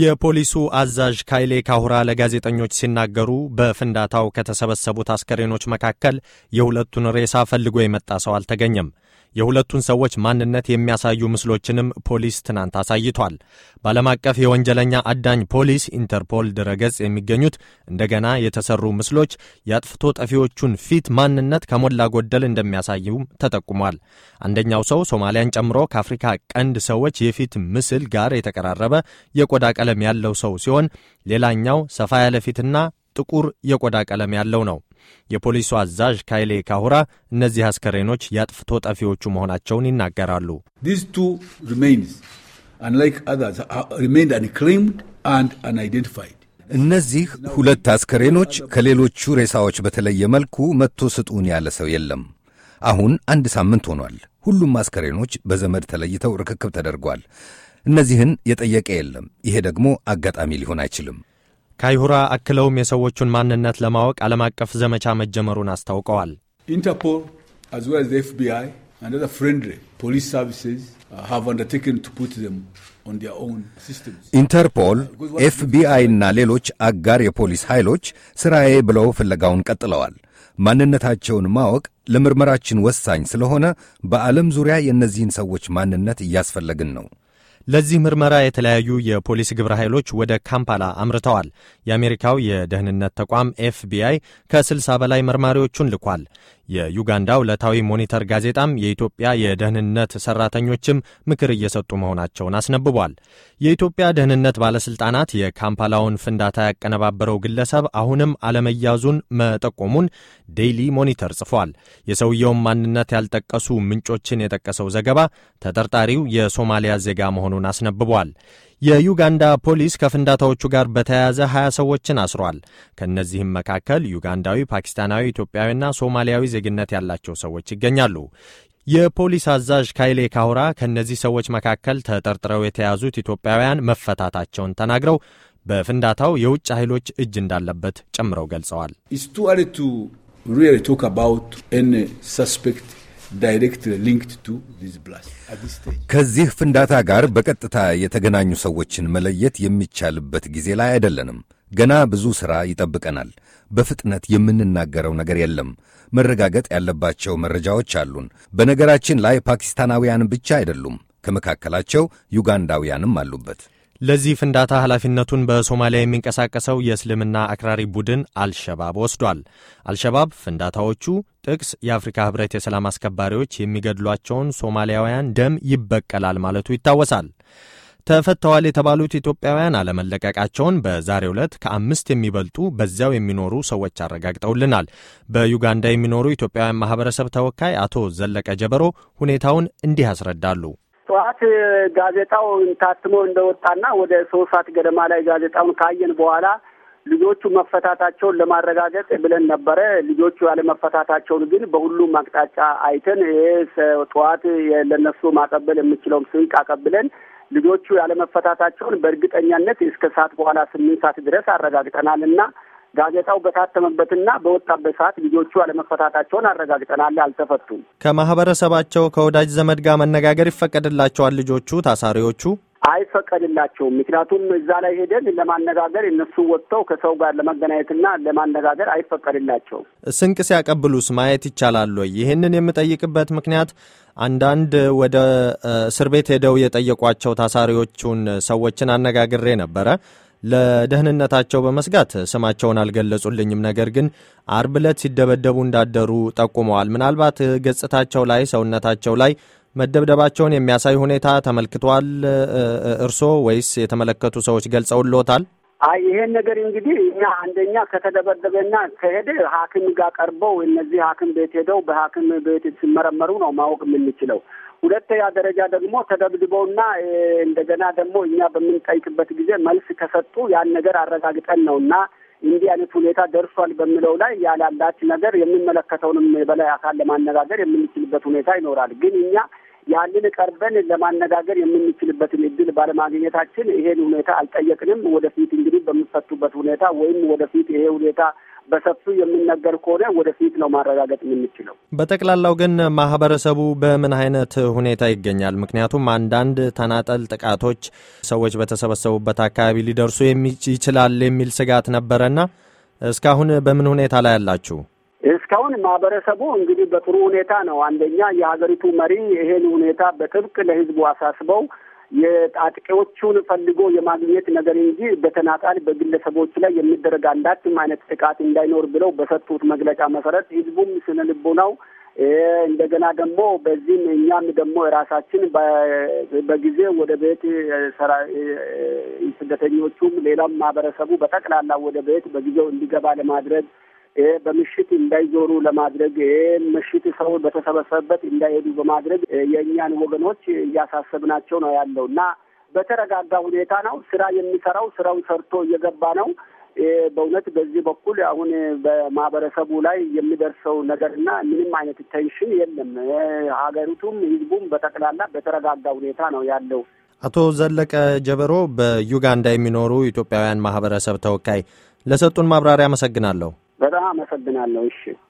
የፖሊሱ አዛዥ ካይሌ ካሁራ ለጋዜጠኞች ሲናገሩ በፍንዳታው ከተሰበሰቡት አስከሬኖች መካከል የሁለቱን ሬሳ ፈልጎ የመጣ ሰው አልተገኘም። የሁለቱን ሰዎች ማንነት የሚያሳዩ ምስሎችንም ፖሊስ ትናንት አሳይቷል። በዓለም አቀፍ የወንጀለኛ አዳኝ ፖሊስ ኢንተርፖል ድረገጽ የሚገኙት እንደገና የተሰሩ ምስሎች የአጥፍቶ ጠፊዎቹን ፊት ማንነት ከሞላ ጎደል እንደሚያሳዩም ተጠቁሟል። አንደኛው ሰው ሶማሊያን ጨምሮ ከአፍሪካ ቀንድ ሰዎች የፊት ምስል ጋር የተቀራረበ የቆዳ ቀለም ያለው ሰው ሲሆን ሌላኛው ሰፋ ያለ ፊትና ጥቁር የቆዳ ቀለም ያለው ነው። የፖሊሱ አዛዥ ካይሌ ካሁራ እነዚህ አስከሬኖች የአጥፍቶ ጠፊዎቹ መሆናቸውን ይናገራሉ። እነዚህ ሁለት አስከሬኖች ከሌሎቹ ሬሳዎች በተለየ መልኩ መጥቶ ስጡን ያለ ሰው የለም። አሁን አንድ ሳምንት ሆኗል። ሁሉም አስከሬኖች በዘመድ ተለይተው ርክክብ ተደርጓል። እነዚህን የጠየቀ የለም። ይሄ ደግሞ አጋጣሚ ሊሆን አይችልም። ካይሁራ አክለውም የሰዎቹን ማንነት ለማወቅ ዓለም አቀፍ ዘመቻ መጀመሩን አስታውቀዋል። ኢንተርፖል አዝ ዌል አዝ ኤፍቢአይ አንድ አዘር ፍሬንድሊ ፖሊስ ሰርቪስስ ሃቭ አንደርቴክን ቱ ፑት ዘም ኢንተርፖል፣ ኤፍቢአይ እና ሌሎች አጋር የፖሊስ ኃይሎች ሥራዬ ብለው ፍለጋውን ቀጥለዋል። ማንነታቸውን ማወቅ ለምርመራችን ወሳኝ ስለሆነ በዓለም ዙሪያ የእነዚህን ሰዎች ማንነት እያስፈለግን ነው። ለዚህ ምርመራ የተለያዩ የፖሊስ ግብረ ኃይሎች ወደ ካምፓላ አምርተዋል። የአሜሪካው የደህንነት ተቋም ኤፍቢአይ ከ60 በላይ መርማሪዎቹን ልኳል። የዩጋንዳ ዕለታዊ ሞኒተር ጋዜጣም የኢትዮጵያ የደህንነት ሰራተኞችም ምክር እየሰጡ መሆናቸውን አስነብቧል። የኢትዮጵያ ደህንነት ባለሥልጣናት የካምፓላውን ፍንዳታ ያቀነባበረው ግለሰብ አሁንም አለመያዙን መጠቆሙን ዴይሊ ሞኒተር ጽፏል። የሰውየውን ማንነት ያልጠቀሱ ምንጮችን የጠቀሰው ዘገባ ተጠርጣሪው የሶማሊያ ዜጋ መሆኑ መሆኑን አስነብቧል። የዩጋንዳ ፖሊስ ከፍንዳታዎቹ ጋር በተያያዘ 20 ሰዎችን አስሯል። ከእነዚህም መካከል ዩጋንዳዊ፣ ፓኪስታናዊ፣ ኢትዮጵያዊና ሶማሊያዊ ዜግነት ያላቸው ሰዎች ይገኛሉ። የፖሊስ አዛዥ ካይሌ ካሁራ ከእነዚህ ሰዎች መካከል ተጠርጥረው የተያዙት ኢትዮጵያውያን መፈታታቸውን ተናግረው በፍንዳታው የውጭ ኃይሎች እጅ እንዳለበት ጨምረው ገልጸዋል። ከዚህ ፍንዳታ ጋር በቀጥታ የተገናኙ ሰዎችን መለየት የሚቻልበት ጊዜ ላይ አይደለንም። ገና ብዙ ሥራ ይጠብቀናል። በፍጥነት የምንናገረው ነገር የለም። መረጋገጥ ያለባቸው መረጃዎች አሉን። በነገራችን ላይ ፓኪስታናውያን ብቻ አይደሉም፣ ከመካከላቸው ዩጋንዳውያንም አሉበት። ለዚህ ፍንዳታ ኃላፊነቱን በሶማሊያ የሚንቀሳቀሰው የእስልምና አክራሪ ቡድን አልሸባብ ወስዷል። አልሸባብ ፍንዳታዎቹ ጥቅስ የአፍሪካ ህብረት የሰላም አስከባሪዎች የሚገድሏቸውን ሶማሊያውያን ደም ይበቀላል ማለቱ ይታወሳል። ተፈተዋል የተባሉት ኢትዮጵያውያን አለመለቀቃቸውን በዛሬው ዕለት ከአምስት የሚበልጡ በዚያው የሚኖሩ ሰዎች አረጋግጠውልናል። በዩጋንዳ የሚኖሩ ኢትዮጵያውያን ማህበረሰብ ተወካይ አቶ ዘለቀ ጀበሮ ሁኔታውን እንዲህ ያስረዳሉ። ጠዋት ጋዜጣው ታትሞ እንደወጣና ወደ ሶስት ሰዓት ገደማ ላይ ጋዜጣውን ካየን በኋላ ልጆቹ መፈታታቸውን ለማረጋገጥ ብለን ነበረ። ልጆቹ ያለመፈታታቸውን ግን በሁሉም አቅጣጫ አይተን ይሄ ጠዋት ለነሱ ማቀበል የምችለውም ስንቅ አቀብለን ልጆቹ ያለመፈታታቸውን በእርግጠኛነት እስከ ሰዓት በኋላ ስምንት ሰዓት ድረስ አረጋግጠናል እና ጋዜጣው በታተመበትና በወጣበት ሰዓት ልጆቹ አለመፈታታቸውን አረጋግጠናል። አልተፈቱም። ከማህበረሰባቸው ከወዳጅ ዘመድ ጋር መነጋገር ይፈቀድላቸዋል። ልጆቹ ታሳሪዎቹ አይፈቀድላቸውም። ምክንያቱም እዛ ላይ ሄደን ለማነጋገር እነሱ ወጥተው ከሰው ጋር ለመገናኘትና ለማነጋገር አይፈቀድላቸውም። ስንቅ ሲያቀብሉስ ማየት ይቻላል ወይ? ይህንን የምጠይቅበት ምክንያት አንዳንድ ወደ እስር ቤት ሄደው የጠየቋቸው ታሳሪዎቹን ሰዎችን አነጋግሬ ነበረ። ለደህንነታቸው በመስጋት ስማቸውን አልገለጹልኝም። ነገር ግን አርብ ዕለት ሲደበደቡ እንዳደሩ ጠቁመዋል። ምናልባት ገጽታቸው ላይ፣ ሰውነታቸው ላይ መደብደባቸውን የሚያሳይ ሁኔታ ተመልክቷል እርሶ ወይስ የተመለከቱ ሰዎች ገልጸውልዎታል? አይ ይሄን ነገር እንግዲህ እኛ አንደኛ ከተደበደበና ከሄደ ሐኪም ጋር ቀርበው እነዚህ ሐኪም ቤት ሄደው በሐኪም ቤት ሲመረመሩ ነው ማወቅ የምንችለው። ሁለተኛ ደረጃ ደግሞ ተደብድበውና እንደገና ደግሞ እኛ በምንጠይቅበት ጊዜ መልስ ከሰጡ ያን ነገር አረጋግጠን ነው እና እንዲህ አይነት ሁኔታ ደርሷል በሚለው ላይ ያላላች ነገር የሚመለከተውንም የበላይ አካል ለማነጋገር የምንችልበት ሁኔታ ይኖራል። ግን እኛ ያንን ቀርበን ለማነጋገር የምንችልበትን እድል ባለማግኘታችን ይሄን ሁኔታ አልጠየቅንም። ወደፊት እንግዲህ በሚፈቱበት ሁኔታ ወይም ወደፊት ይሄ ሁኔታ በሰፊው የሚነገር ከሆነ ወደፊት ነው ማረጋገጥ የምንችለው። በጠቅላላው ግን ማህበረሰቡ በምን አይነት ሁኔታ ይገኛል? ምክንያቱም አንዳንድ ተናጠል ጥቃቶች ሰዎች በተሰበሰቡበት አካባቢ ሊደርሱ ይችላል የሚል ስጋት ነበረና እስካሁን በምን ሁኔታ ላይ አላችሁ እስካሁን ማህበረሰቡ እንግዲህ በጥሩ ሁኔታ ነው። አንደኛ የሀገሪቱ መሪ ይሄን ሁኔታ በጥብቅ ለህዝቡ አሳስበው የአጥቂዎቹን ፈልጎ የማግኘት ነገር እንጂ በተናጣል በግለሰቦች ላይ የሚደረግ አንዳችም አይነት ጥቃት እንዳይኖር ብለው በሰጡት መግለጫ መሰረት ህዝቡም ስነ ልቦናው እንደገና ደግሞ በዚህም እኛም ደግሞ የራሳችን በጊዜ ወደ ቤት ስደተኞቹም ሌላም ማህበረሰቡ በጠቅላላ ወደ ቤት በጊዜው እንዲገባ ለማድረግ ይሄ በምሽት እንዳይዞሩ ለማድረግ ይሄ ምሽት ሰው በተሰበሰበበት እንዳይሄዱ በማድረግ የእኛን ወገኖች እያሳሰብናቸው ነው ያለው እና በተረጋጋ ሁኔታ ነው ስራ የሚሰራው ስራው ሰርቶ እየገባ ነው። በእውነት በዚህ በኩል አሁን በማህበረሰቡ ላይ የሚደርሰው ነገርና ምንም አይነት ቴንሽን የለም። ሀገሪቱም ህዝቡም በጠቅላላ በተረጋጋ ሁኔታ ነው ያለው። አቶ ዘለቀ ጀበሮ በዩጋንዳ የሚኖሩ ኢትዮጵያውያን ማህበረሰብ ተወካይ፣ ለሰጡን ማብራሪያ አመሰግናለሁ። በጣም አመሰግናለሁ። እሺ